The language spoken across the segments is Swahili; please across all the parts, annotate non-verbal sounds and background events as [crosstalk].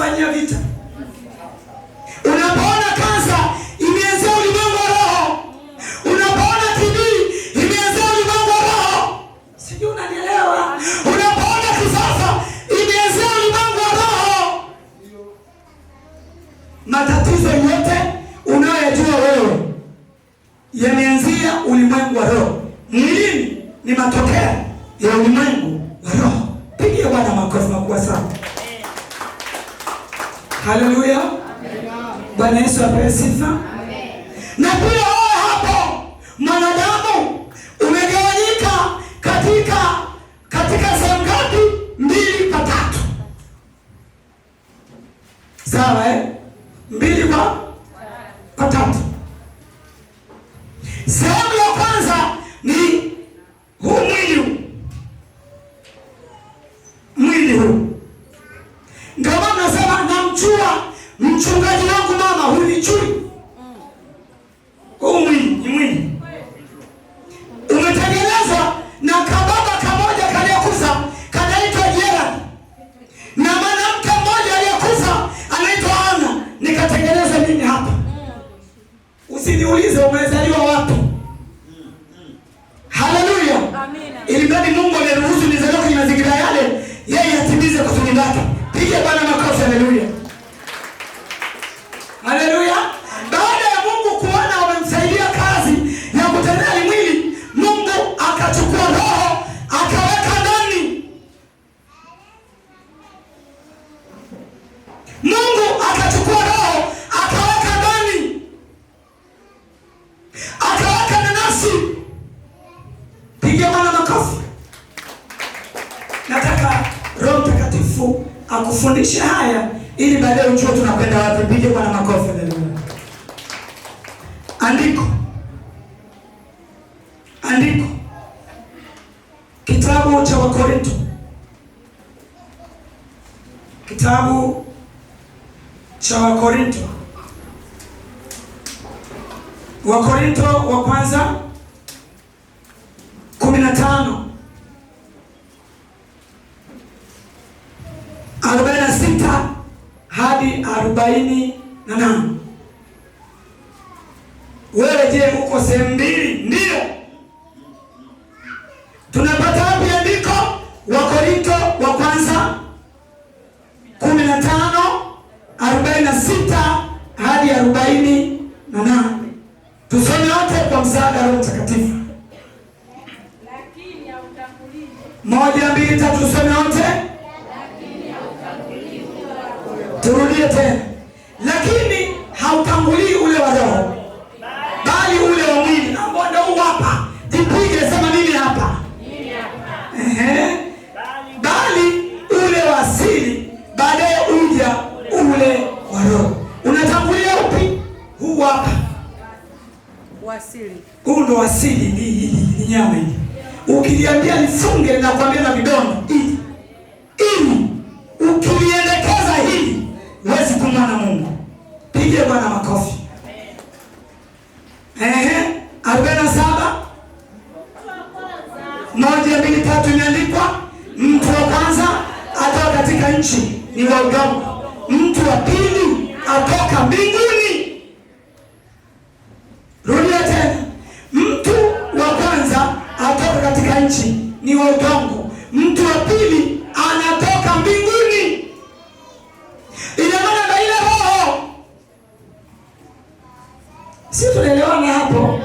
kufanya vita Haleluya! Bwana Yesu apewe sifa na pia ili mradi Mungu ameruhusu nizaliwe kwenye mazingira yale, yeye atimize kusudi lake. Piga Bwana makofi, haleluya, haleluya. Baada ya Mungu kuona wamemsaidia kazi ya kutendea mwili, Mungu akachukua roho akaweka ndani. Mungu akachukua roho akaweka ndani, akaweka nanasi akufundishe haya ili baadaye ujue tunakwenda wapi. Pige Bwana makofi. Andiko andiko, kitabu cha Wakorinto, kitabu cha Wakorinto, Wakorinto wa kwanza kumi na tano arobaini na nane. Wewe je, uko sehemu mbili? Ndio Tunapata wapi andiko? Wakorinto wa kwanza kumi na tano arobaini na sita hadi arobaini nirudie tena, lakini hautangulii ule wa roho, bali ule wa mwili Naomba ndio huu hapa. Jipige sema mimi hapa, ehe, bali ule wa asili, baadaye uja ule wa roho. Unatangulia upi? Huu hapa, huu ndio asili. Ni nyama hii, ukiliambia nifunge, kuambia na vidonda nchi ni wa udongo, mtu wa pili atoka mbinguni. Rudia tena, mtu wa kwanza atoka katika nchi ni wa udongo, mtu wa pili anatoka mbinguni. Ina maana na ile roho, si tunaelewana hapo?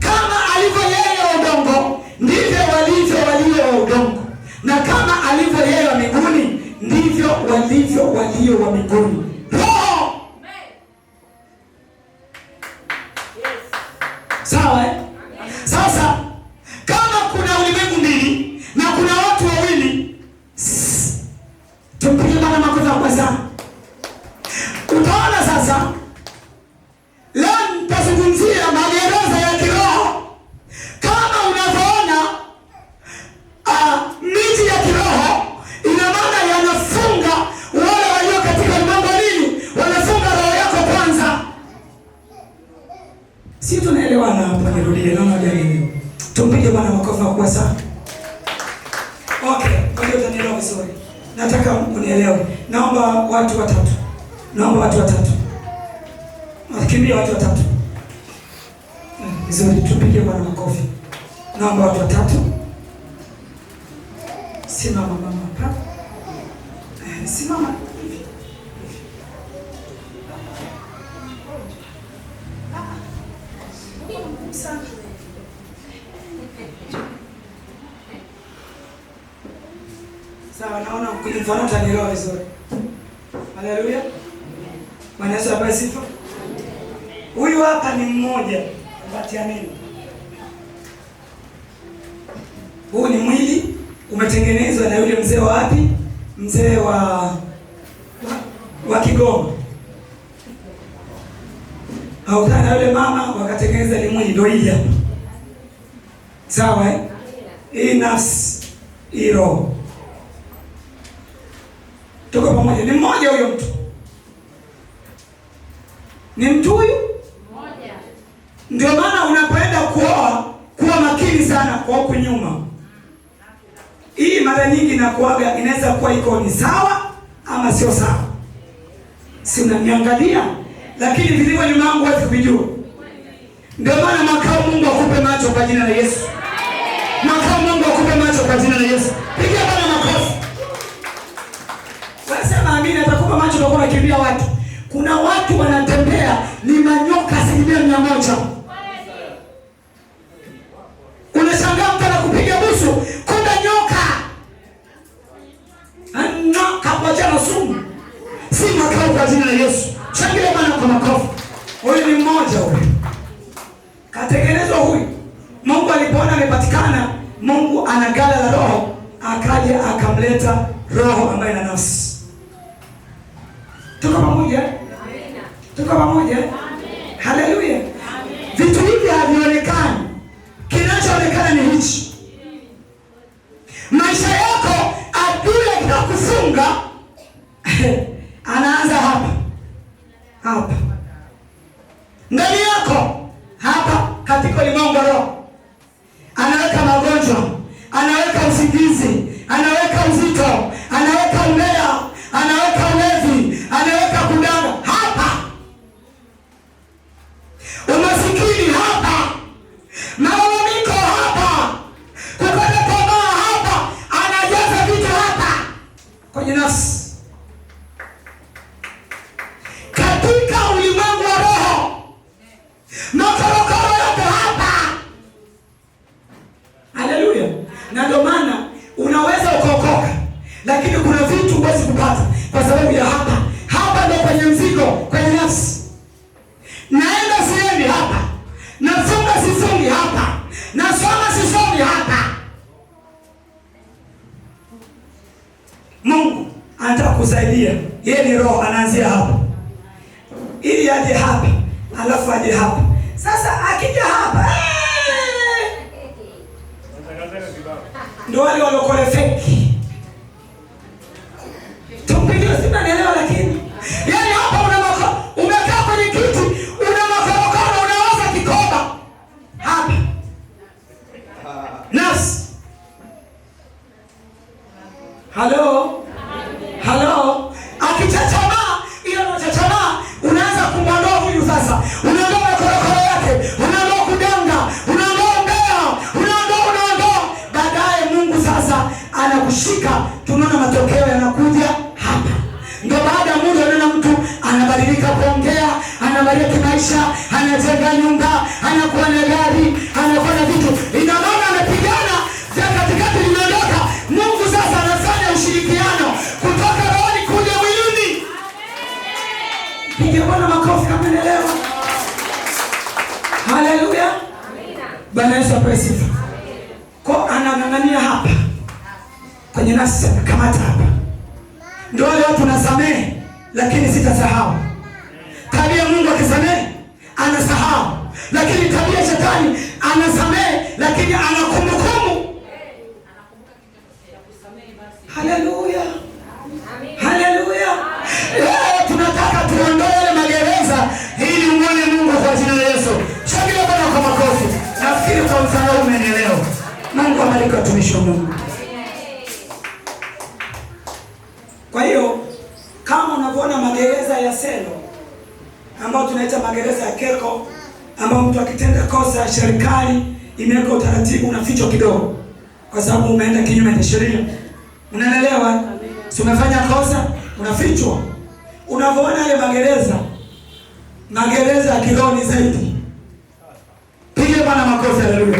kama alivyo yeye wa udongo ndivyo walivyo walio wa udongo, na kama alivyo yeye wa mbinguni, ndivyo walivyo walio wa mbinguni. Wakikimbia watu watatu. Vizuri, tupige Bwana makofi. Naomba watu watatu. Simama mama hapa. Eh, simama. Sawa, naona mfano utanielewa vizuri. Haleluya. Bwana Yesu apewe sifa. Huyu hapa ni mmoja, neno. Huu ni mwili umetengenezwa na yule mzee wa wapi? Mzee wa wa Kigoma, aukana na yule mama wakatengeneza ni mwili, ndio hili hapa. Sawa eh? Hii nafsi hii roho, tuko pamoja, ni mmoja huyo mtu, ni mtu huyu ndio maana unapoenda kuoa kuwa makini sana kwa huku nyuma. Hii mara nyingi inakuwaga inaweza kuwa iko ni sawa ama sio sawa, si unaniangalia, lakini vilivyo nyuma yangu wewe kujua. Ndio maana makao Mungu akupe macho kwa jina la Yesu, makao Mungu akupe macho kwa jina imepatikana, Mungu ana gala la roho, akaja akamleta roho ambaye ana nafsi. Tuko pamoja? Tuko pamoja? Haleluya! Vitu hivi havionekani, kinachoonekana ni hichi maisha yako. Adui akikufunga [laughs] anaanza hapa hapa ndani yako hapa, katika ulimwengu wa roho mgonjwa, anaweka usingizi ili aje hapa, alafu aje hapa. Sasa akija hapa eh! ndio wale walokole feki tumpige Simba, naelewa lakini yani hapa una mako, umekaa kwenye kiti una makorokoro unawaza kikoba hapa nas halo maisha, anajenga nyumba, anakuwa na gari, anakuwa na vitu. Ina maana amepigana vya katikati limeondoka. Mungu sasa anafanya ushirikiano kutoka rohoni kuja mwilini. Piga Bwana makofi kama unaelewa. Haleluya. Bwana Yesu apewe sifa. Kwa anang'ang'ania hapa kwenye nafsi kamata hapa. Ndio leo tunasamehe, lakini sitasahau tabia Mungu akisamehe anasahau, lakini tabia shetani anasamehe, lakini anakumbukumbu. Haleluya, haleluya. Leo eh, tunataka tuondoe magereza ili mwone Mungu kwa jina la Yesu. Shangilia Bwana kwa makofi. Nafikiri kwa mfano umenielewa. Mungu amalika watumishi wa Mungu. ya serikali imeweka utaratibu unafichwa kidogo, kwa sababu umeenda kinyume na sheria. Unaelewa? si unafanya kosa, unafichwa. Unavyoona ile magereza, magereza ya kiroho ni zaidi. Pige Bwana makofi. Haleluya!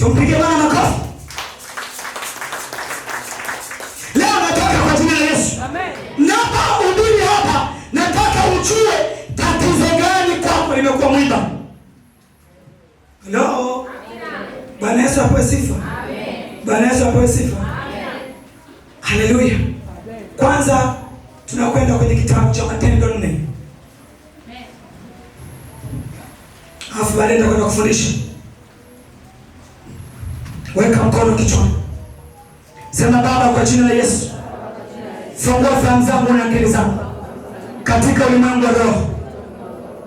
Tumpigie Bwana makofi. Leo nataka kwa jina la Yesu. Amen. Napo udini hapa nataka ujue tatizo gani kwako limekuwa mwiba. Hello. Bwana Yesu apewe sifa. Amen. Bwana Yesu apewe sifa. Amen. Haleluya. Kwanza tunakwenda kwenye kitabu cha Matendo 4. Amen. Afu baadaye tutakwenda kufundisha. Weka mkono kichwani, sema Baba, kwa jina la Yesu, fungua fahamu zangu na akili zangu katika ulimwengu wa roho,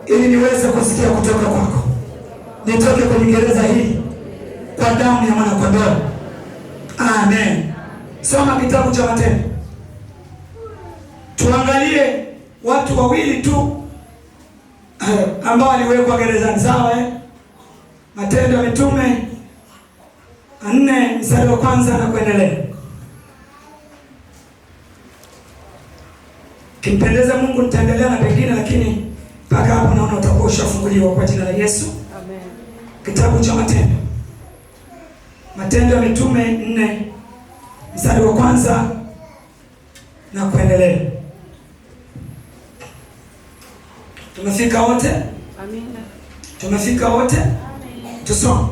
ili niweze kusikia kutoka kwako, nitoke kwenye gereza hii kwa damu ya kondoo. Amen. Soma kitabu cha Matendo, tuangalie watu wawili tu eh, ambao waliwekwa gerezani, sawa eh? Matendo ya Mitume nne mstari wa kwanza na kuendelea. Kimpendeza Mungu nitaendelea na pengine, lakini mpaka hapo naona utakuwa ushafunguliwa kwa jina la Yesu. Amen. Kitabu cha Matendo, Matendo ya Mitume nne mstari wa kwanza na kuendelea. Tumefika wote? Amina. Tumefika wote? Tusome.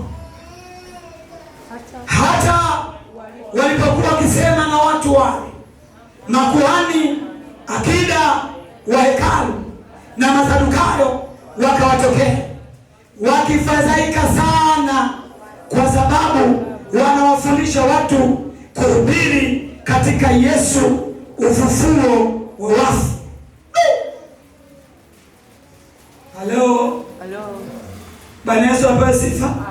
masuari, makuhani akida wa hekalu na masadukayo wakawatokea wakifadhaika sana, kwa sababu wanawafundisha watu kuhubiri katika Yesu ufufuo wa wafu. Halo, halo, Bwana Yesu apewe sifa.